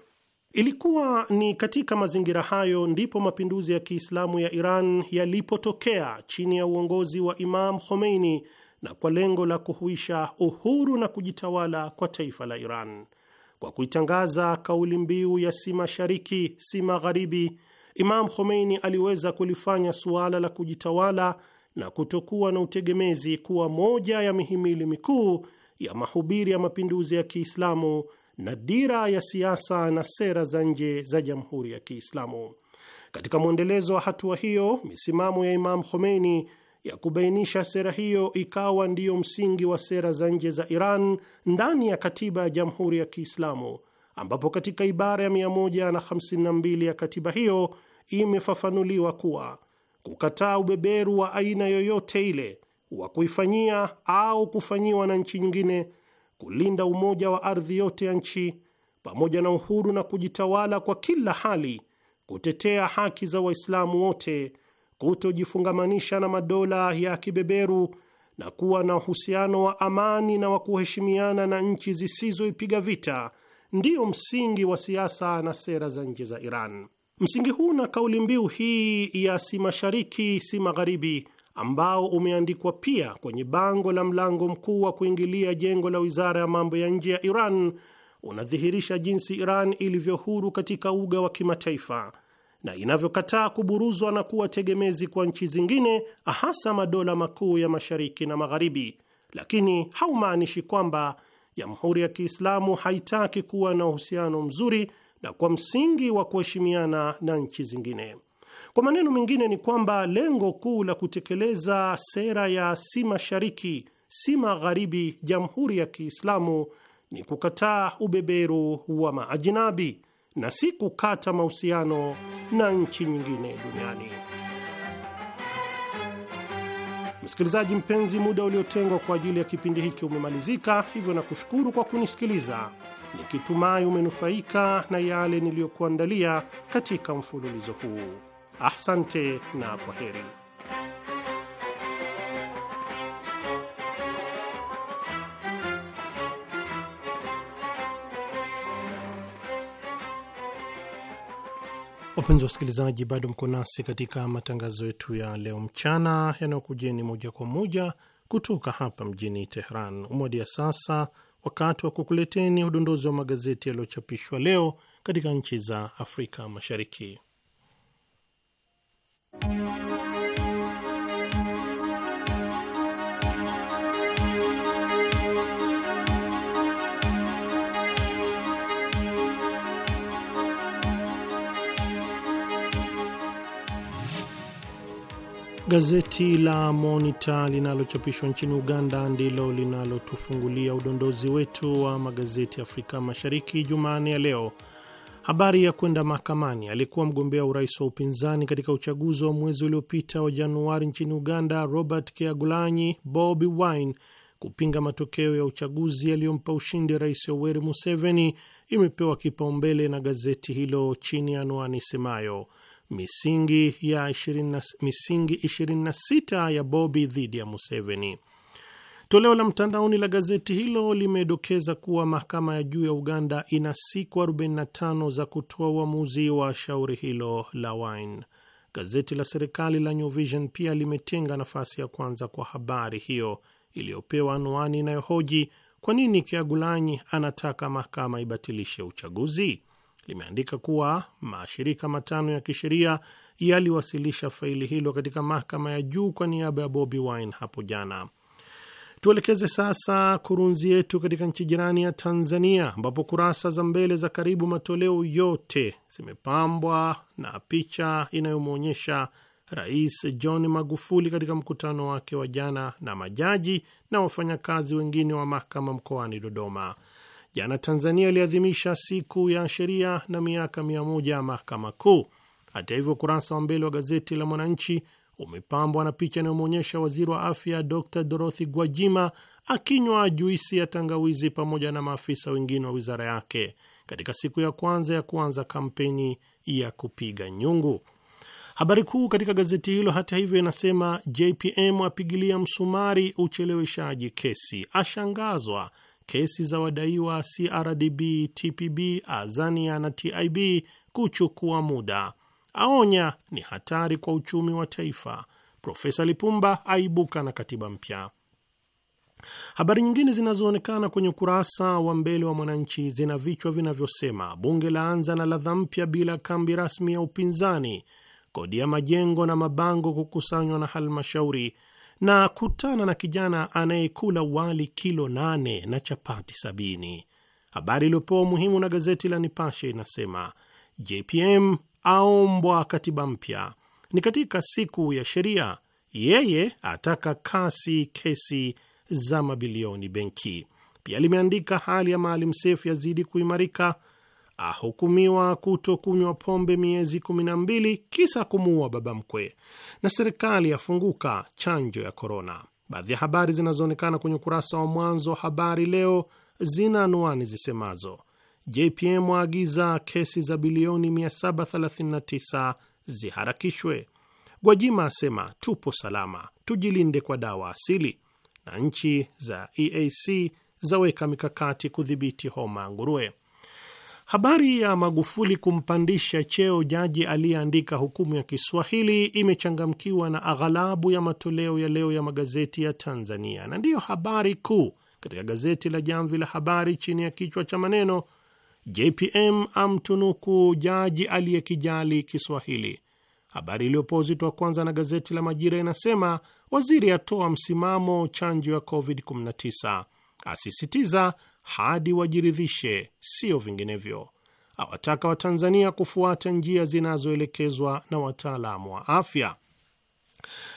Ilikuwa ni katika mazingira hayo ndipo mapinduzi ya Kiislamu ya Iran yalipotokea chini ya uongozi wa Imam Khomeini na kwa lengo la kuhuisha uhuru na kujitawala kwa taifa la Iran kwa kuitangaza kauli mbiu ya si mashariki si magharibi, Imam Khomeini aliweza kulifanya suala la kujitawala na kutokuwa na utegemezi kuwa moja ya mihimili mikuu ya mahubiri ya mapinduzi ya Kiislamu na dira ya siasa na sera za nje za Jamhuri ya Kiislamu. Katika mwendelezo wa hatua hiyo, misimamo ya Imam Khomeini ya kubainisha sera hiyo ikawa ndiyo msingi wa sera za nje za Iran ndani ya katiba ya Jamhuri ya Kiislamu, ambapo katika ibara ya 152 ya katiba hiyo imefafanuliwa kuwa kukataa ubeberu wa aina yoyote ile wa kuifanyia au kufanyiwa na nchi nyingine, kulinda umoja wa ardhi yote ya nchi pamoja na uhuru na kujitawala kwa kila hali, kutetea haki za Waislamu wote kutojifungamanisha na madola ya kibeberu na kuwa na uhusiano wa amani na wa kuheshimiana na nchi zisizoipiga vita ndiyo msingi wa siasa na sera za nje za Iran. Msingi huu na kauli mbiu hii ya si mashariki si magharibi, ambao umeandikwa pia kwenye bango la mlango mkuu wa kuingilia jengo la wizara ya mambo ya nje ya Iran, unadhihirisha jinsi Iran ilivyo huru katika uga wa kimataifa na inavyokataa kuburuzwa na kuwa tegemezi kwa nchi zingine, hasa madola makuu ya mashariki na magharibi, lakini haumaanishi kwamba Jamhuri ya Kiislamu haitaki kuwa na uhusiano mzuri na kwa msingi wa kuheshimiana na nchi zingine. Kwa maneno mengine, ni kwamba lengo kuu la kutekeleza sera ya si mashariki si magharibi Jamhuri ya Kiislamu ni kukataa ubeberu wa maajinabi na si kukata mahusiano na nchi nyingine duniani. Msikilizaji mpenzi, muda uliotengwa kwa ajili ya kipindi hiki umemalizika, hivyo na kushukuru kwa kunisikiliza, nikitumai umenufaika na yale niliyokuandalia katika mfululizo huu. Asante na kwa heri. Wapenzi wasikilizaji, bado mko nasi katika matangazo yetu ya leo mchana yanayokujeni moja kwa moja kutoka hapa mjini Teheran. Umwadi ya sasa wakati wa kukuleteni udondozi wa magazeti yaliyochapishwa leo katika nchi za Afrika Mashariki. Gazeti la Monita linalochapishwa nchini Uganda ndilo linalotufungulia udondozi wetu wa magazeti ya Afrika Mashariki Jumanne ya leo. Habari ya kwenda mahakamani aliyekuwa mgombea urais wa upinzani katika uchaguzi wa mwezi uliopita wa Januari nchini Uganda, Robert Kyagulanyi Bobi Wine kupinga matokeo ya uchaguzi yaliyompa ushindi Rais Yoweri Museveni imepewa kipaumbele na gazeti hilo chini ya anwani semayo misingi ya 20, misingi 26 ya Bobi dhidi ya Museveni. Toleo la mtandaoni la gazeti hilo limedokeza kuwa mahakama ya juu ya Uganda ina siku 45 za kutoa uamuzi wa shauri hilo la Wine. Gazeti la serikali la New Vision pia limetenga nafasi ya kwanza kwa habari hiyo iliyopewa anwani inayohoji kwa nini Kyagulanyi anataka mahakama ibatilishe uchaguzi limeandika kuwa mashirika matano ya kisheria yaliwasilisha faili hilo katika mahakama ya juu kwa niaba ya Bobi Wine hapo jana. Tuelekeze sasa kurunzi yetu katika nchi jirani ya Tanzania, ambapo kurasa za mbele za karibu matoleo yote zimepambwa na picha inayomwonyesha Rais John Magufuli katika mkutano wake wa jana na majaji na wafanyakazi wengine wa mahakama mkoani Dodoma. Jana Tanzania iliadhimisha siku ya sheria na miaka mia moja ya mahakama kuu. Hata hivyo, ukurasa wa mbele wa gazeti la Mwananchi umepambwa na picha inayomwonyesha waziri wa afya Dr Dorothy Gwajima akinywa juisi ya tangawizi pamoja na maafisa wengine wa wizara yake katika siku ya kwanza ya kuanza kampeni ya kupiga nyungu. Habari kuu katika gazeti hilo hata hivyo inasema JPM apigilia msumari ucheleweshaji kesi, ashangazwa kesi za wadaiwa CRDB, TPB, Azania na TIB kuchukua muda. Aonya ni hatari kwa uchumi wa taifa. Profesa Lipumba aibuka na katiba mpya. Habari nyingine zinazoonekana kwenye ukurasa wa mbele wa Mwananchi zina vichwa vinavyosema: bunge laanza na ladha mpya bila kambi rasmi ya upinzani, kodi ya majengo na mabango kukusanywa na halmashauri, na kutana na kijana anayekula wali kilo nane na chapati sabini. Habari iliyopewa umuhimu na gazeti la Nipashe inasema JPM aombwa katiba mpya, ni katika siku ya sheria. Yeye ataka kasi kesi za mabilioni benki. Pia limeandika hali ya Maalim Seif yazidi kuimarika ahukumiwa kutokunywa pombe miezi 12 kisa kumuua baba mkwe, na serikali yafunguka chanjo ya korona. Baadhi ya habari zinazoonekana kwenye ukurasa wa mwanzo wa Habari Leo zina anuani zisemazo JPM waagiza kesi za bilioni 739 ziharakishwe. Gwajima asema tupo salama, tujilinde kwa dawa asili, na nchi za EAC zaweka mikakati kudhibiti homa ya nguruwe. Habari ya Magufuli kumpandisha cheo jaji aliyeandika hukumu ya Kiswahili imechangamkiwa na aghalabu ya matoleo ya leo ya magazeti ya Tanzania, na ndiyo habari kuu katika gazeti la Jamvi la Habari chini ya kichwa cha maneno JPM amtunuku jaji aliyekijali Kiswahili. Habari iliyopoa uzito wa kwanza na gazeti la Majira inasema waziri atoa msimamo chanjo ya COVID-19, asisitiza hadi wajiridhishe, sio vinginevyo. Awataka Watanzania kufuata njia zinazoelekezwa na wataalamu wa afya.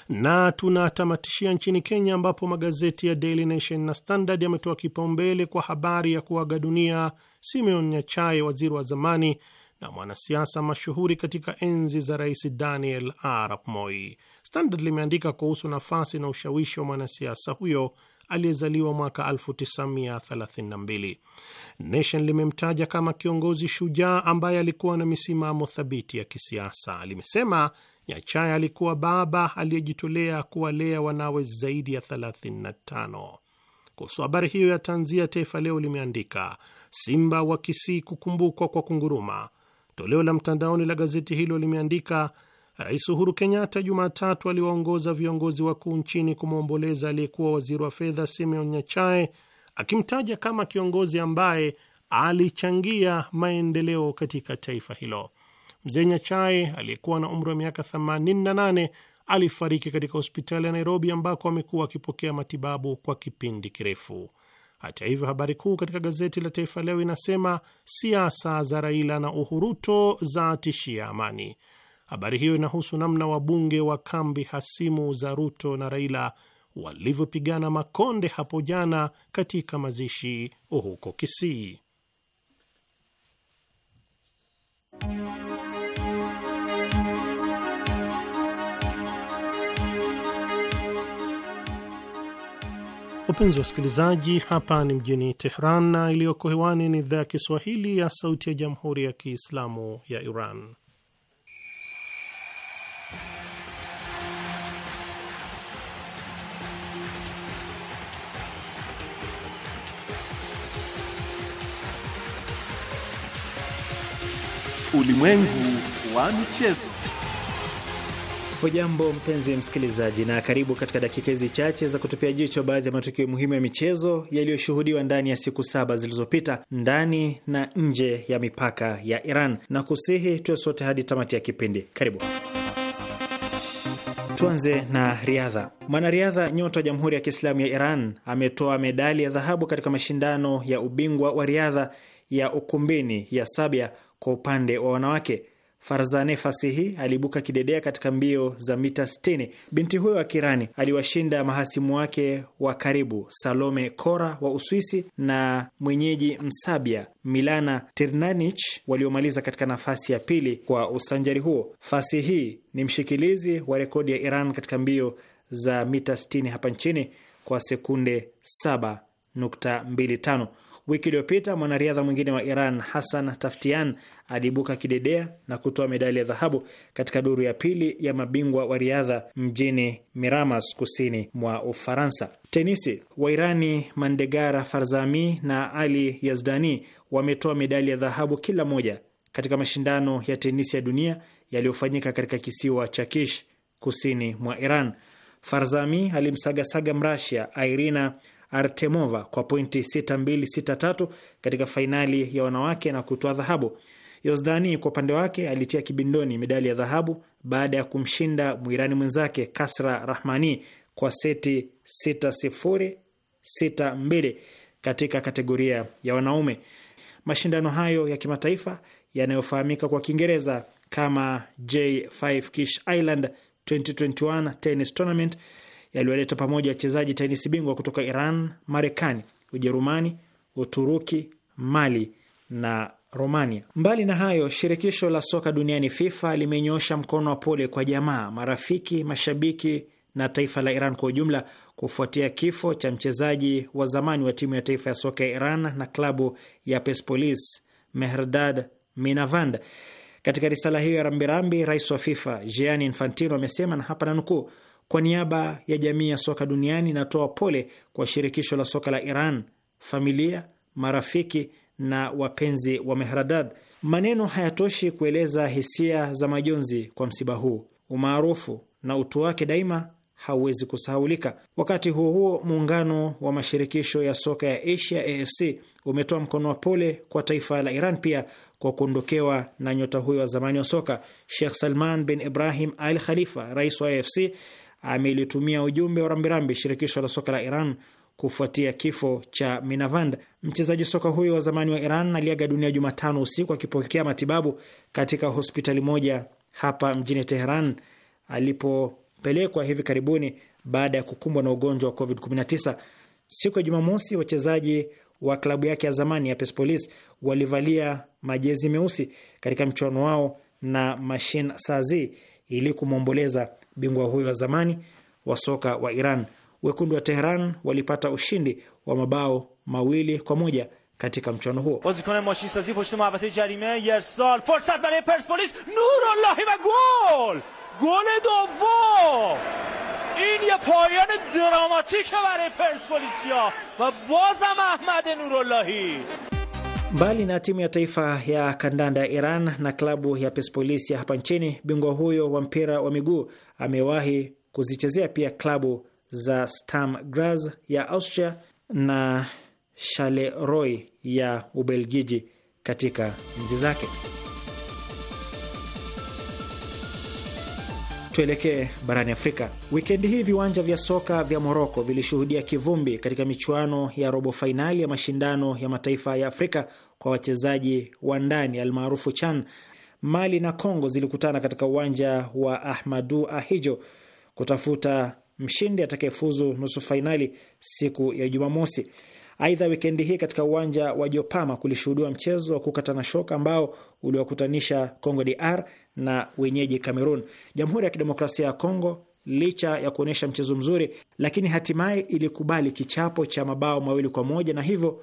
Na tunatamatishia nchini Kenya, ambapo magazeti ya Daily Nation na Standard yametoa kipaumbele kwa habari ya kuaga dunia Simeon Nyachae, waziri wa zamani na mwanasiasa mashuhuri katika enzi za Rais Daniel Arap Moi. Standard limeandika kuhusu nafasi na ushawishi wa mwanasiasa huyo aliyezaliwa mwaka 1932. Nation limemtaja kama kiongozi shujaa ambaye alikuwa na misimamo thabiti ya kisiasa. Limesema Nyachaya alikuwa baba aliyejitolea kuwalea wanawe zaidi ya 35. Kuhusu habari hiyo ya tanzia, Taifa Leo limeandika Simba wa Kisii kukumbukwa kwa kunguruma. Toleo la mtandaoni la gazeti hilo limeandika Rais Uhuru Kenyatta Jumatatu aliwaongoza viongozi wakuu nchini kumwomboleza aliyekuwa waziri wa fedha Simeon Nyachae, akimtaja kama kiongozi ambaye alichangia maendeleo katika taifa hilo. Mzee Nyachae aliyekuwa na umri wa miaka 88 alifariki katika hospitali ya Nairobi ambako amekuwa akipokea matibabu kwa kipindi kirefu. Hata hivyo, habari kuu katika gazeti la Taifa Leo inasema siasa za Raila na Uhuruto za tishia amani. Habari hiyo inahusu namna wabunge wa kambi hasimu za Ruto na Raila walivyopigana makonde hapo jana katika mazishi huko Kisii. Wapenzi wa wasikilizaji, hapa ni mjini Tehran na iliyoko hewani ni idhaa ya Kiswahili ya Sauti ya Jamhuri ya Kiislamu ya Iran. Ulimwengu wa michezo. Hujambo mpenzi msikilizaji, na karibu katika dakika hizi chache za kutupia jicho baadhi ya matukio muhimu ya michezo yaliyoshuhudiwa ndani ya siku saba zilizopita ndani na nje ya mipaka ya Iran, na kusihi tuwe sote hadi tamati ya kipindi. Karibu. Tuanze na riadha. Mwanariadha nyota wa Jamhuri ya Kiislamu ya Iran ametoa medali ya dhahabu katika mashindano ya ubingwa wa riadha ya ukumbini ya Sabia kwa upande wa wanawake, Farzane Fasihi aliibuka kidedea katika mbio za mita 60. Binti huyo wa Kirani aliwashinda mahasimu wake wa karibu Salome Kora wa Uswisi na mwenyeji Msabia Milana Tirnanich waliomaliza katika nafasi ya pili kwa usanjari huo. Fasihi ni mshikilizi wa rekodi ya Iran katika mbio za mita 60 hapa nchini kwa sekunde 7.25. Wiki iliyopita mwanariadha mwingine wa Iran Hassan Taftian aliibuka kidedea na kutoa medali ya dhahabu katika duru ya pili ya mabingwa wa riadha mjini Miramas kusini mwa Ufaransa. Tenisi, Wairani Mandegara Farzami na Ali Yazdani wametoa medali ya dhahabu kila moja katika mashindano ya tenisi ya dunia yaliyofanyika katika kisiwa cha Kish kusini mwa Iran. Farzami alimsagasaga Mrasia Irina Artemova kwa pointi 6263 katika fainali ya wanawake na kutoa dhahabu. Yozdani kwa upande wake alitia kibindoni medali ya dhahabu baada ya kumshinda mwirani mwenzake Kasra Rahmani kwa seti 60 62 katika kategoria ya wanaume. Mashindano hayo ya kimataifa yanayofahamika kwa Kiingereza kama J5 Kish Island 2021 Tennis Tournament yaliyoleta pamoja wachezaji tenisi bingwa kutoka Iran, Marekani, Ujerumani, Uturuki, Mali na Romania. Mbali na hayo, shirikisho la soka duniani FIFA limenyoosha mkono wa pole kwa jamaa, marafiki, mashabiki na taifa la Iran kwa ujumla kufuatia kifo cha mchezaji wa zamani wa timu ya taifa ya soka ya Iran na klabu ya Persepolis Mehrdad Minavand. Katika risala hiyo ya rambirambi, rais wa FIFA Gianni Infantino amesema na hapa nanukuu: kwa niaba ya jamii ya soka duniani natoa pole kwa shirikisho la soka la Iran, familia, marafiki na wapenzi wa Mehradad. Maneno hayatoshi kueleza hisia za majonzi kwa msiba huu. Umaarufu na utu wake daima hauwezi kusahaulika. Wakati huo huo, muungano wa mashirikisho ya soka ya Asia AFC umetoa mkono wa pole kwa taifa la Iran pia kwa kuondokewa na nyota huyo wa zamani wa soka. Sheikh Salman bin Ibrahim Al Khalifa, rais wa AFC, amelitumia ujumbe wa rambirambi shirikisho la soka la Iran kufuatia kifo cha Minavand. Mchezaji soka huyo wa zamani wa Iran aliaga dunia Jumatano usiku akipokea matibabu katika hospitali moja hapa mjini Teheran alipopelekwa hivi karibuni baada ya kukumbwa na ugonjwa wa COVID-19. Siku ya Jumamosi, wachezaji wa klabu yake ya zamani ya Persepolis walivalia majezi meusi katika mchuano wao na Mashin Sazi ili kumwomboleza bingwa huyo wa zamani wa soka wa Iran. Wekundu wa Teheran walipata ushindi wa mabao mawili kwa moja katika mchuano huo. bozikon mashinsazi poshte muhabbate jarime yersal fursat baraye perspolis nurallahi va gol gol e dovom in ye poyan dramatike baraye perspolisya va bazam ahmad Mbali na timu ya taifa ya kandanda ya Iran na klabu ya Persepolis ya hapa nchini, bingwa huyo wa mpira wa miguu amewahi kuzichezea pia klabu za Sturm Graz ya Austria na Charleroi ya Ubelgiji katika nzi zake. Tuelekee barani Afrika. Wikendi hii viwanja vya soka vya Moroko vilishuhudia kivumbi katika michuano ya robo fainali ya mashindano ya mataifa ya Afrika kwa wachezaji wa ndani almaarufu CHAN. Mali na congo zilikutana katika uwanja wa Ahmadu Ahijo kutafuta mshindi atakayefuzu nusu fainali siku ya Jumamosi. Aidha, wikendi hii katika uwanja wa Jopama kulishuhudiwa mchezo wa kukata na shoka ambao uliwakutanisha Congo DR na wenyeji Cameroon. Jamhuri ya Kidemokrasia ya congo licha ya kuonyesha mchezo mzuri, lakini hatimaye ilikubali kichapo cha mabao mawili kwa moja na hivyo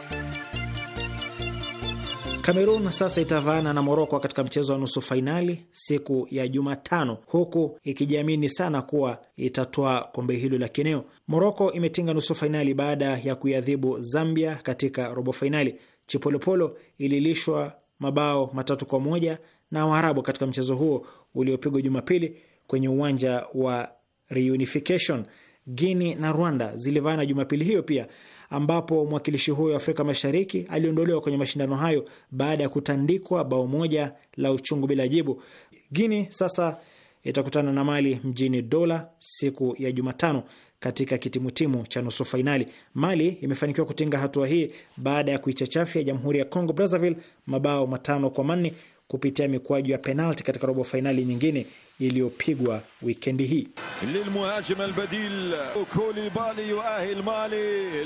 Kamerun sasa itavaana na Moroko katika mchezo wa nusu fainali siku ya Jumatano, huku ikijiamini sana kuwa itatoa kombe hilo la kieneo. Moroko imetinga nusu fainali baada ya kuiadhibu Zambia katika robo fainali. Chipolopolo ililishwa mabao matatu kwa moja na Waarabu katika mchezo huo uliopigwa Jumapili kwenye uwanja wa Reunification. Guini na Rwanda zilivaana Jumapili hiyo pia ambapo mwakilishi huyo wa Afrika Mashariki aliondolewa kwenye mashindano hayo baada ya kutandikwa bao moja la uchungu bila jibu. Guinea sasa itakutana na Mali mjini Dola siku ya Jumatano katika kitimutimu cha nusu fainali. Mali imefanikiwa kutinga hatua hii baada ya kuichachafya Jamhuri ya congo Brazzaville mabao matano kwa manne kupitia mikwaju ya penalti katika robo fainali nyingine iliyopigwa wikendi hii. lilmuhajim albadil Kulibali yuahil Mali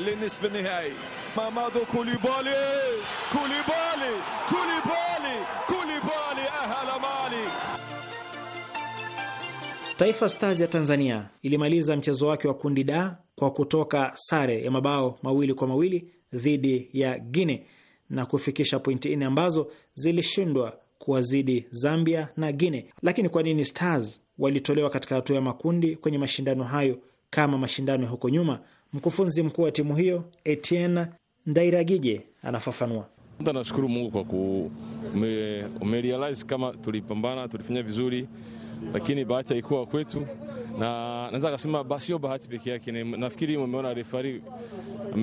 linisf nihai Mamadu Kulibali Kulibali Kulibali Kulibali ahala Mali. Taifa Stars ya Tanzania ilimaliza mchezo wake wa kundi da kwa kutoka sare ya mabao mawili kwa mawili dhidi ya Guine na kufikisha pointi nne ambazo zilishindwa kuwazidi Zambia na Guine. Lakini kwa nini Stars walitolewa katika hatua ya makundi kwenye mashindano hayo kama mashindano ya huko nyuma? Mkufunzi mkuu wa timu hiyo Etienne Ndairagije anafafanua. Nashukuru Mungu kwa ku ume, kama tulipambana, tulifanya vizuri, lakini bahati haikuwa kwetu, na naweza kusema sio bahati peke yake. Nafikiri umeona refari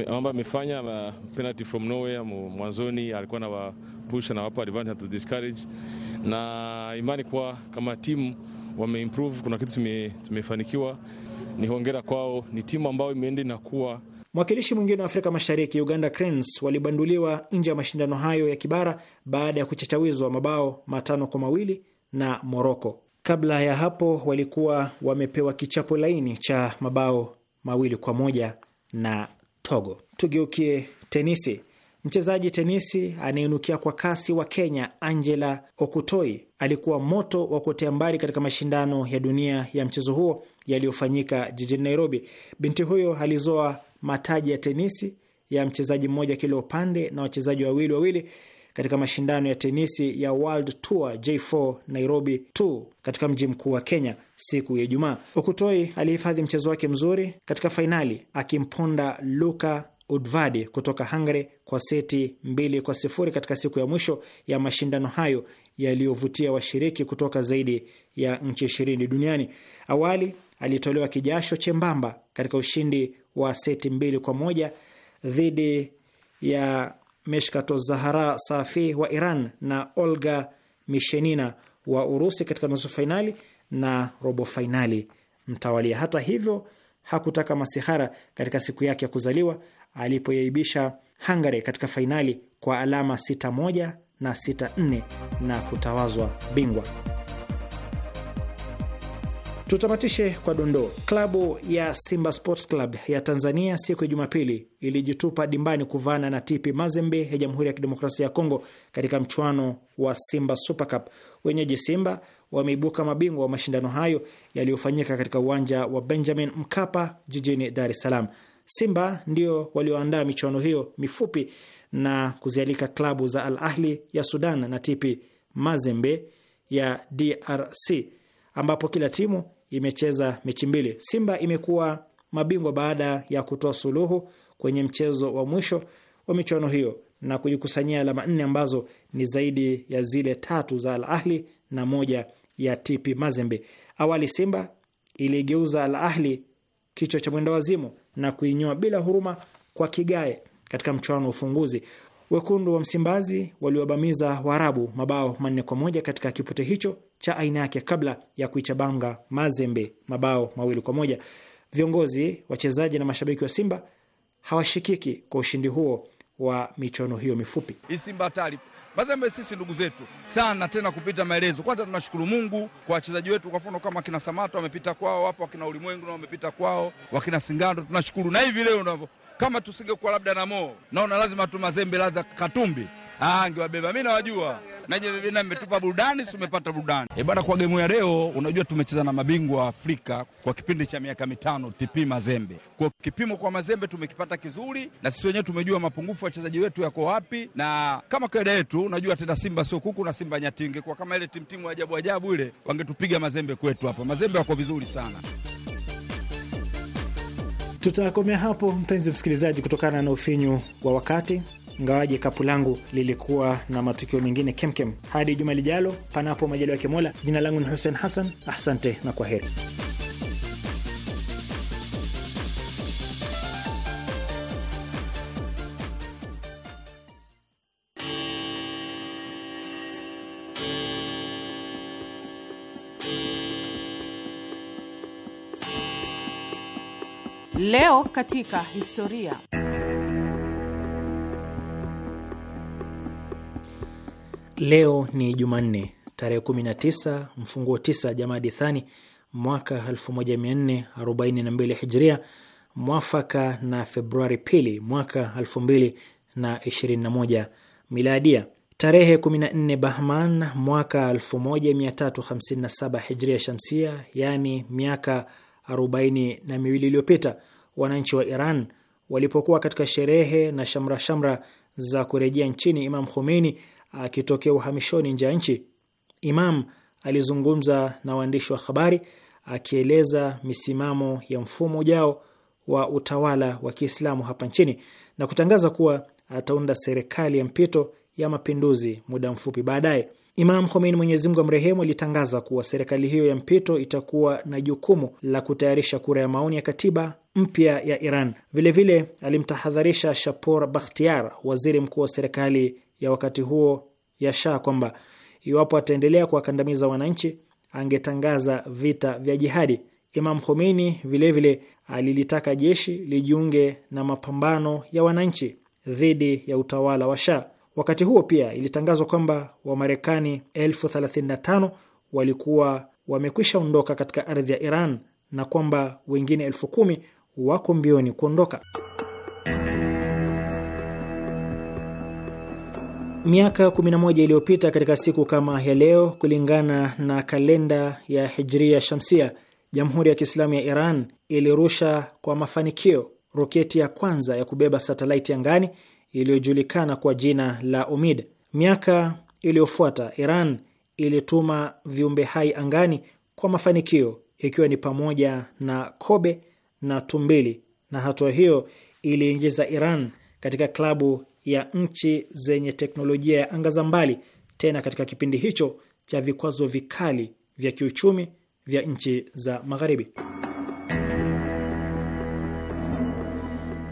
mambo amefanya uh, penalty from nowhere mwanzoni, alikuwa na push, wapa advantage to discourage, na imani kuwa kama timu wameimprove, kuna kitu tumefanikiwa, ni hongera kwao. Ni timu ambayo imeenda inakuwa Mwakilishi mwingine wa Afrika Mashariki, Uganda Cranes, walibanduliwa nje ya mashindano hayo ya kibara baada ya kuchachawizwa mabao matano kwa mawili na Moroko. Kabla ya hapo walikuwa wamepewa kichapo laini cha mabao mawili kwa moja na Togo. Tugeukie tenisi. Mchezaji tenisi anayeinukia kwa kasi wa Kenya Angela Okutoi alikuwa moto wa kuotea mbali katika mashindano ya dunia ya mchezo huo yaliyofanyika jijini Nairobi. Binti huyo alizoa mataji ya tenisi ya mchezaji mmoja kila upande na wachezaji wawili wawili katika mashindano ya tenisi ya World Tour J4 Nairobi 2 katika mji mkuu wa Kenya siku ya Ijumaa. Okutoi alihifadhi mchezo wake mzuri katika fainali akimponda Luka Udvadi kutoka Hungary kwa seti mbili kwa sifuri katika siku ya mwisho ya mashindano hayo yaliyovutia washiriki kutoka zaidi ya nchi ishirini duniani. Awali alitolewa kijasho chembamba katika ushindi wa seti mbili kwa moja dhidi ya Meshkato Zahara Safi wa Iran na Olga Mishenina wa Urusi katika nusu fainali na robo fainali mtawalia. Hata hivyo hakutaka masihara katika siku yake ya kuzaliwa alipoyaibisha Hungary katika fainali kwa alama 61 na 64 na kutawazwa bingwa. Tutamatishe kwa dondoo. Klabu ya Simba Sports Club ya Tanzania siku ya Jumapili ilijitupa dimbani kuvana na TP Mazembe ya Jamhuri ya Kidemokrasia ya Kongo katika mchuano wa Simba Super Cup. Wenyeji Simba wameibuka mabingwa wa mashindano hayo yaliyofanyika katika uwanja wa Benjamin Mkapa jijini Dar es Salaam. Simba ndio walioandaa michuano hiyo mifupi na kuzialika klabu za Al Ahli ya Sudan na Tipi Mazembe ya DRC ambapo kila timu imecheza mechi mbili. Simba imekuwa mabingwa baada ya kutoa suluhu kwenye mchezo wa mwisho wa michuano hiyo na kujikusanyia alama nne ambazo ni zaidi ya zile tatu za Al Ahli na moja ya TP Mazembe. Awali Simba iligeuza Al Ahli kichwa cha mwenda wazimu na kuinyoa bila huruma kwa kigae katika mchuano wa ufunguzi. Wekundu wa Msimbazi waliwabamiza Waarabu mabao manne kwa moja katika kipute hicho cha aina yake kabla ya kuichabanga Mazembe mabao mawili kwa moja. Viongozi, wachezaji na mashabiki wa Simba hawashikiki kwa ushindi huo wa michuano hiyo mifupi. Simba tali Mazembe sisi ndugu zetu sana tena kupita maelezo. Kwanza tunashukuru Mungu kwa wachezaji wetu, kwa mfano kama kina Samato wamepita kwao, wapo wakina Ulimwengu na wamepita kwao, wakina Singando tunashukuru. Na hivi leo ndivyo kama tusingekuwa labda na Mo, naona lazima tu Mazembe laza Katumbi ah, angewabeba. Mimi nawajua na Jevevina mmetupa burudani, si umepata burudani e eh, bana. Kwa gemu ya leo, unajua tumecheza na mabingwa wa Afrika kwa kipindi cha miaka mitano, TP Mazembe. Kwa kipimo kwa Mazembe tumekipata kizuri, na sisi wenyewe tumejua mapungufu ya wachezaji wetu yako wapi, na kama kawaida yetu, unajua tena Simba sio kuku na Simba nyatinge. Kwa kama ile timtimu ajabu ajabu ile, wangetupiga Mazembe kwetu hapa. Mazembe wako vizuri sana. Tutakomea hapo mpenzi msikilizaji, kutokana na ufinyu wa wakati ingawaje kapu langu lilikuwa na matukio mengine kemkem. Hadi juma lijalo, panapo majaliwa yake Mola. Jina langu ni Hussein Hassan, asante na kwa heri. Leo katika historia Leo ni Jumanne tarehe 19 mfunguo 9 Jamadi Thani mwaka 1442 Hijria, mwafaka na Februari pili mwaka 2021 Miladia. Tarehe 14 Bahman mwaka 1357 Hijria Shamsia, yaani miaka arobaini na miwili iliyopita, wananchi wa Iran walipokuwa katika sherehe na shamra shamra za kurejea nchini Imam Khomeini akitokea uhamishoni nje ya nchi. Imam alizungumza na waandishi wa habari akieleza misimamo ya mfumo ujao wa utawala wa Kiislamu hapa nchini na kutangaza kuwa ataunda serikali ya mpito ya mapinduzi muda mfupi baadaye. Imam Khomeini, Mwenyezi Mungu amrehemu, alitangaza kuwa serikali hiyo ya mpito itakuwa na jukumu la kutayarisha kura ya maoni ya katiba mpya ya Iran. Vilevile vile, alimtahadharisha Shapor Bakhtiar, waziri mkuu wa serikali ya wakati huo ya Shah kwamba iwapo ataendelea kuwakandamiza wananchi angetangaza vita vya jihadi. Imam Khomeini vilevile alilitaka jeshi lijiunge na mapambano ya wananchi dhidi ya utawala wa Shah. Wakati huo pia ilitangazwa kwamba Wamarekani elfu thelathini na tano walikuwa wamekwisha ondoka katika ardhi ya Iran na kwamba wengine elfu kumi wako mbioni kuondoka. Miaka 11 iliyopita katika siku kama ya leo, kulingana na kalenda ya Hijria Shamsia, Jamhuri ya Kiislamu ya Iran ilirusha kwa mafanikio roketi ya kwanza ya kubeba satelaiti angani iliyojulikana kwa jina la Umid. Miaka iliyofuata Iran ilituma viumbe hai angani kwa mafanikio, ikiwa ni pamoja na Kobe na tumbili, na hatua hiyo iliingiza Iran katika klabu ya nchi zenye teknolojia ya anga za mbali, tena katika kipindi hicho cha vikwazo vikali vya kiuchumi vya nchi za Magharibi.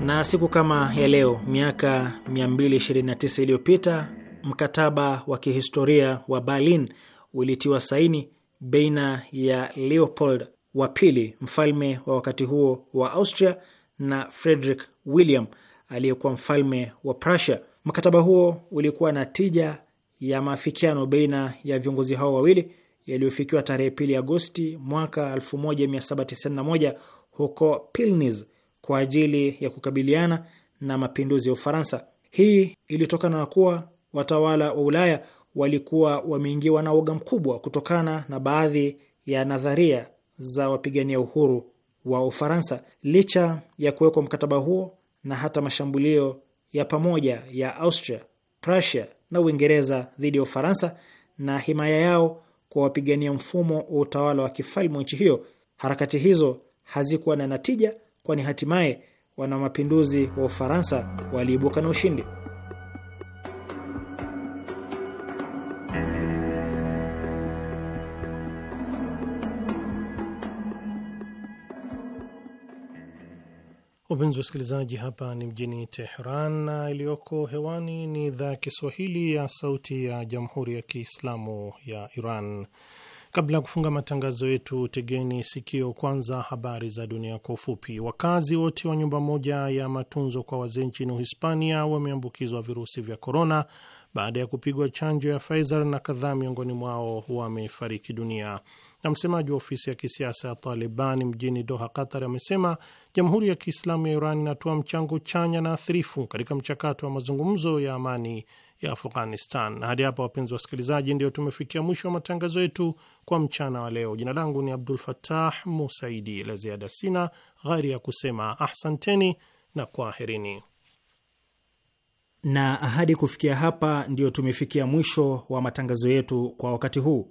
Na siku kama ya leo miaka 229 iliyopita mkataba wa kihistoria wa Berlin ulitiwa saini baina ya Leopold wa pili, mfalme wa wakati huo wa Austria na Frederick William aliyekuwa mfalme wa Prussia. Mkataba huo ulikuwa na tija ya maafikiano baina ya viongozi hao wawili yaliyofikiwa tarehe pili Agosti mwaka 1791 huko Pilnis kwa ajili ya kukabiliana na mapinduzi ya Ufaransa. Hii ilitokana na kuwa watawala wa Ulaya walikuwa wameingiwa na woga mkubwa kutokana na baadhi ya nadharia za wapigania uhuru wa Ufaransa. Licha ya kuwekwa mkataba huo, na hata mashambulio ya pamoja ya Austria, Prussia na Uingereza dhidi ya Ufaransa na himaya yao kwa wapigania mfumo wa utawala wa kifalme wa nchi hiyo. Harakati hizo hazikuwa na natija, kwani hatimaye wana mapinduzi wa Ufaransa waliibuka na ushindi. Wapenzi wasikilizaji, hapa ni mjini Teheran na iliyoko hewani ni idhaa ya Kiswahili ya Sauti ya Jamhuri ya Kiislamu ya Iran. Kabla ya kufunga matangazo yetu, tegeni sikio kwanza habari za dunia kwa ufupi. Wakazi wote wa nyumba moja ya matunzo kwa wazee nchini Uhispania wameambukizwa virusi vya korona baada ya kupigwa chanjo ya Pfizer na kadhaa miongoni mwao wamefariki dunia. Na msemaji wa ofisi ya kisiasa ya Taliban mjini Doha, Qatar, amesema jamhuri ya Kiislamu ya Iran inatoa mchango chanya na athirifu katika mchakato wa mazungumzo ya amani ya Afghanistan. Na hadi hapa, wapenzi wasikilizaji, ndio tumefikia mwisho wa matangazo yetu kwa mchana wa leo. Jina langu ni Abdul fatah Musaidi. La ziada sina ghairi ya kusema ahsanteni na kwaherini. Na ahadi kufikia hapa, ndio tumefikia mwisho wa matangazo yetu kwa wakati huu.